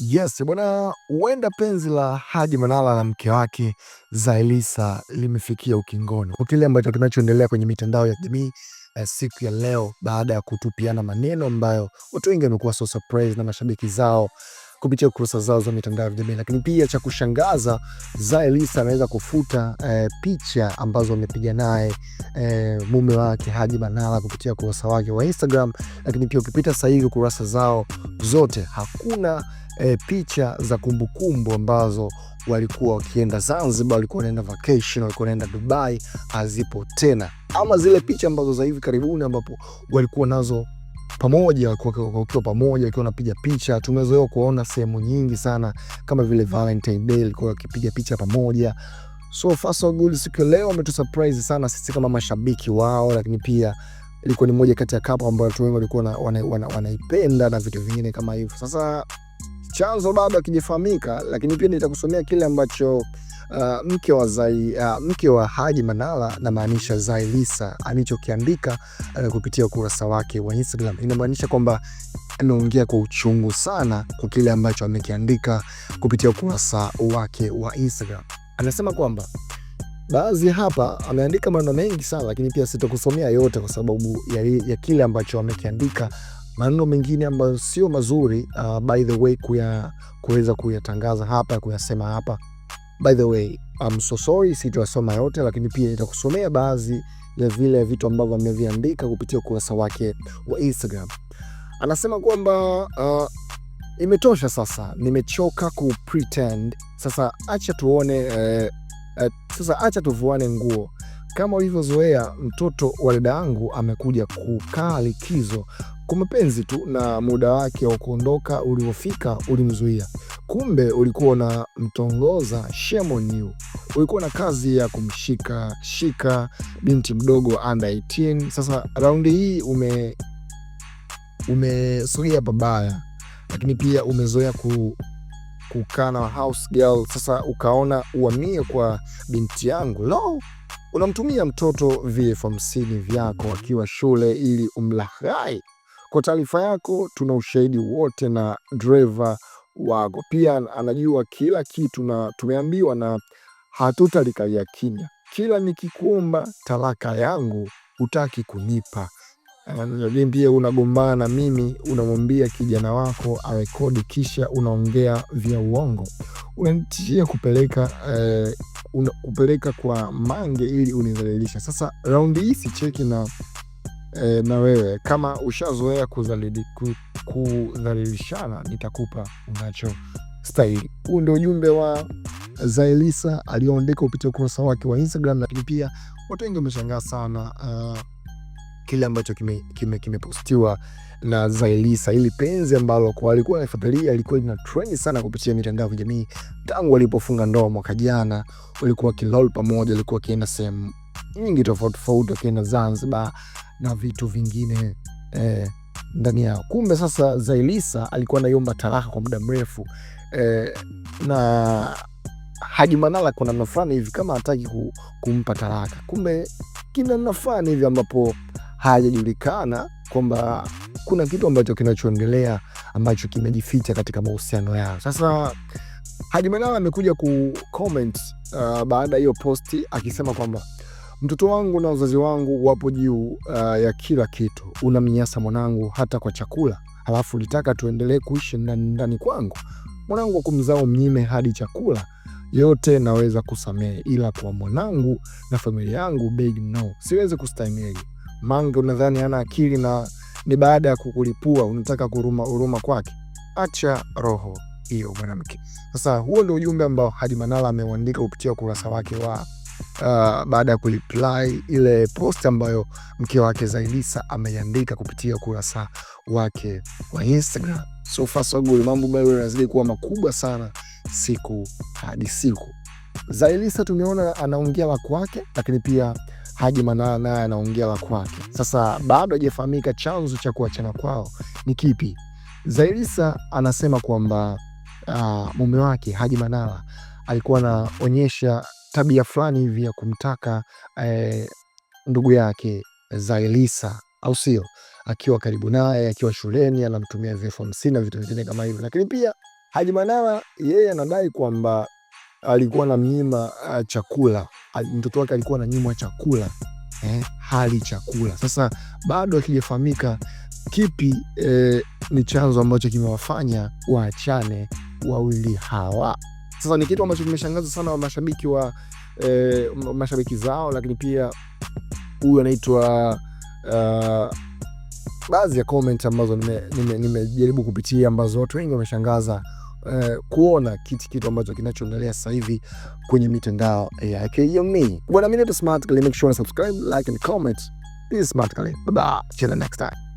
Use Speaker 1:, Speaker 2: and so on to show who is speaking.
Speaker 1: Yes bwana, huenda penzi la Haji Manara na mke wake Zaiylissa limefikia ukingoni, kwa kile ambacho kinachoendelea kwenye mitandao ya jamii eh, siku ya leo, baada ya kutupiana maneno ambayo watu wengi wamekuwa so surprised na mashabiki zao kupitia kurasa zao za mitandao ya kijamii. Lakini pia cha kushangaza, Zailisa ameweza kufuta eh, picha ambazo amepiga naye eh, mume wake Haji Manara kupitia kurasa wake wa Instagram. Lakini pia ukipita sasa hivi kurasa zao zote hakuna eh, picha za kumbukumbu ambazo walikuwa wakienda Zanzibar, walikuwa wanaenda vacation, walikuwa wanaenda Dubai, hazipo tena, ama zile picha ambazo za hivi karibuni ambapo walikuwa nazo pamoja, wakiwa pamoja, wakiwa wanapiga picha. Tumezoea kuona sehemu nyingi sana kama vile Valentine Day kwa wakipiga picha pamoja. So Faso Gold siku leo ametusurprise sana sisi kama mashabiki wao, lakini pia ilikuwa ni moja kati ya kapo ambayo watu wengi walikuwa wanaipenda na vitu vingine kama hivyo. Sasa chanzo bado hakijafahamika, lakini pia nitakusomea kile ambacho uh, mke wa Zai, uh, mke wa Haji Manara maanisha Zailisa alichokiandika uh, kupitia ukurasa wake wa Instagram inamaanisha kwamba ameongea kwa uchungu sana kwa kile ambacho amekiandika kupitia ukurasa wake wa Instagram. Anasema kwamba baadhi hapa ameandika maneno mengi sana, lakini pia sitakusomea yote kwa sababu ya, ya kile ambacho amekiandika maneno mengine ambayo sio mazuri uh, by the way kuya kuweza kuyatangaza hapa kuyasema hapa By the way, I'm so sorry, sitasoma yote, lakini pia itakusomea baadhi ya vile vitu ambavyo ameviandika kupitia ukurasa wake wa Instagram. Anasema kwamba uh, imetosha sasa, nimechoka ku pretend sasa, acha tuone eh, eh, sasa acha tuvuane nguo kama ulivyozoea. Mtoto wa dada yangu amekuja kukaa likizo kwa mapenzi tu, na muda wake wa kuondoka uliofika ulimzuia kumbe ulikuwa unamtongoza shame on you. Ulikuwa na kazi ya kumshika shika binti mdogo under 18. Sasa raundi hii ume umesogea pabaya, lakini pia umezoea ku kukaa na house girl. Sasa ukaona uamie kwa binti yangu lo, unamtumia mtoto vf hamsini vyako akiwa shule ili umlahai. Kwa taarifa yako, tuna ushahidi wote na dreva wako. Pia anajua kila kitu, na tumeambiwa na hatutalikalia kimya. Kila nikikuomba talaka yangu hutaki kunipa. Pia unagombana na mimi, unamwambia kijana wako arekodi, kisha unaongea vya uongo, unanitishia kupeleka eh, kupeleka kwa mange ili unidhalilisha. Sasa raundi hii sicheki na e, na wewe kama ushazoea kudhalilishana, nitakupa unacho stahili. Huu ndio ujumbe wa Zailisa aliyoandika kupitia ukurasa wake wa Instagram, lakini pia watu wengi wameshangaa sana uh, kile ambacho kimepostiwa kime, kime na Zailisa, ili penzi ambalo kwa alikuwa anafadhilia ilikuwa lina trend sana kupitia mitandao ya kijamii tangu alipofunga ndoa mwaka jana. Walikuwa kilol pamoja, walikuwa wakienda sehemu nyingi tofauti tofauti, wakienda Zanzibar na vitu vingine eh, ndani yao. Kumbe sasa Zailisa alikuwa anaiomba talaka kwa muda mrefu eh, na Haji Manara kuna namna fulani hivi kama hataki kumpa talaka, kumbe kina namna fulani hivi ambapo hajajulikana kwamba kuna kitu ambacho kinachoendelea ambacho kimejificha katika mahusiano yao. Sasa Haji Manara amekuja ku comment uh, ah, baada ya hiyo posti akisema kwamba Mtoto wangu na uzazi wangu wapo juu uh, ya kila kitu. Unamnyanyasa mwanangu hata kwa chakula, halafu ulitaka tuendelee kuishi ndani ndani kwangu. Mwanangu wa kumzaa mnyime hadi chakula, yote naweza kusamehe, ila kwa mwanangu na familia yangu big no, siwezi kustahimili. Mange unadhani ana akili na ni baada ya kukulipua unataka kuruma huruma kwake? Acha roho hiyo mwanamke. Sasa huo ndio ujumbe ambao Hadi Manara ameuandika kupitia ukurasa wake wa uh, baada ya kureply ile post ambayo mke wake Zaiylisa ameiandika kupitia ukurasa wake wa Instagram. So far so good, mambo bado yanazidi kuwa makubwa sana siku hadi siku. Zaiylisa tumeona anaongea la kwake, lakini pia Haji Manara naye anaongea la kwake. Sasa bado hajafahamika chanzo cha kuachana kwao ni kipi. Zaiylisa anasema kwamba uh, mume wake Haji Manara alikuwa anaonyesha tabia fulani hivi ya kumtaka eh, ndugu yake Zailisa au sio, akiwa karibu naye, akiwa shuleni, anamtumia elfu hamsini na vitu vingine kama hivyo. Lakini pia Haji Manara yeye anadai kwamba alikuwa na mnyima eh, chakula, mtoto wake alikuwa na nyimwa chakula eh, hali chakula. Sasa bado akijafahamika kipi eh, ni chanzo ambacho kimewafanya waachane wawili hawa. Sasa ni kitu ambacho kimeshangaza sana wa mashabiki wa eh, mashabiki zao, lakini pia huyu anaitwa uh, baadhi ya comment ambazo nimejaribu nime, nime kupitia ambazo watu wengi wameshangaza eh, kuona kitu kitu ambacho kinachoendelea sasa hivi kwenye mitandao ya kijamii. Bwana, mimi ni Smart Kali, make sure subscribe, like and comment. This is Smart Kali. Bye bye. See next time.